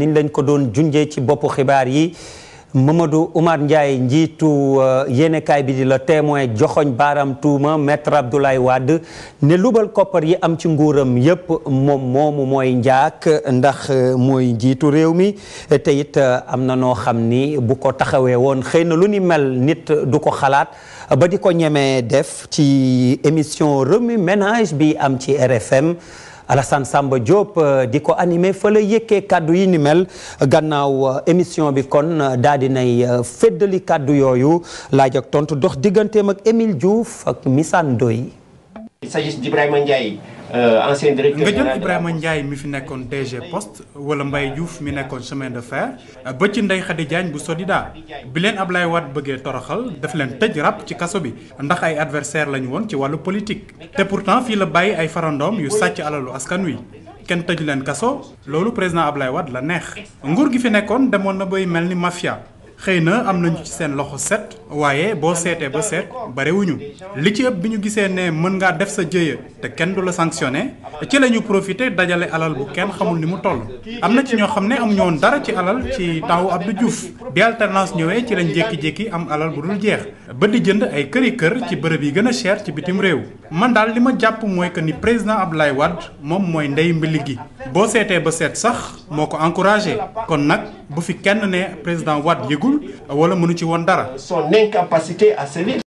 niñ lañ ko doon junjee ci boppu xibaar yi Mamadou Oumar Ndiaye njiitu euh, yéenekaay bi di la témoin joxoñ baaram tuuma maître Abdoulaye Wade ne lubal koppar yi am ci nguuram yépp moom moomu mooy njaak ndax euh, mooy njiitu réew mi te it euh, am na noo xam ni bu ko taxawee woon xëy na lu ni mel nit du ko xalaat ba di ko ñemee def ci émission remue ménage bi am ci RFM Alassane Samba Diop euh, di ko animé fa la yëkkee kàddu yi ni mel gannaaw euh, émission bi kon euh, daa dinay féddali kàddu yooyu laaj tontu dox digganteem ak Émile Diouf ak Missane Ndoye il s'agit Ndiaye euh, ancien directeur nga jël Ibrahima Ndiaye mi fi nekkoon DG post wala mbay Diouf mi nekkoon chemin de fer euh, ba ci Ndeye Khady Diagne bu Sodida bi leen lay Wade bëggee toroxal daf leen tëj ràpp ci kaso bi ndax ay adversaire lañu woon ci wàllu politique te pourtant fii la bàyyi ay farandoom yu sàcc alalu askan wi kenn tëj leen kaso loolu président Ablaye wat la neex nguur gi fi nekkoon demoon na bay mel ni mafia xëy na am nañu ci seen loxo set waaye boo seetee ba seet barewuñu li ci ëpp bi ñu gisee ne mën ngaa def sa jëye te kenn du la sanctionné ci lañu ñu profité dajale alal bu kenn xamul ni mu toll. am na ci ñoo xam ne amuñu woon dara ci alal ci tawu Abdou Diouf bi alternance ñëwee ci lañ jékki-jékki am alal bu dul jeex ba di jënd ay këri kër ci bërëb yi gën a cher ci bitim réew. man daal li ma jàpp mooy que ni président Abdoulaye Wade moom mooy ndey mbili gi boo seetee ba seet sax moo ko encouragé kon nag bu fi kenn ne président Wade yëgul wala mënu ci woon dara. d'incapacité à servir.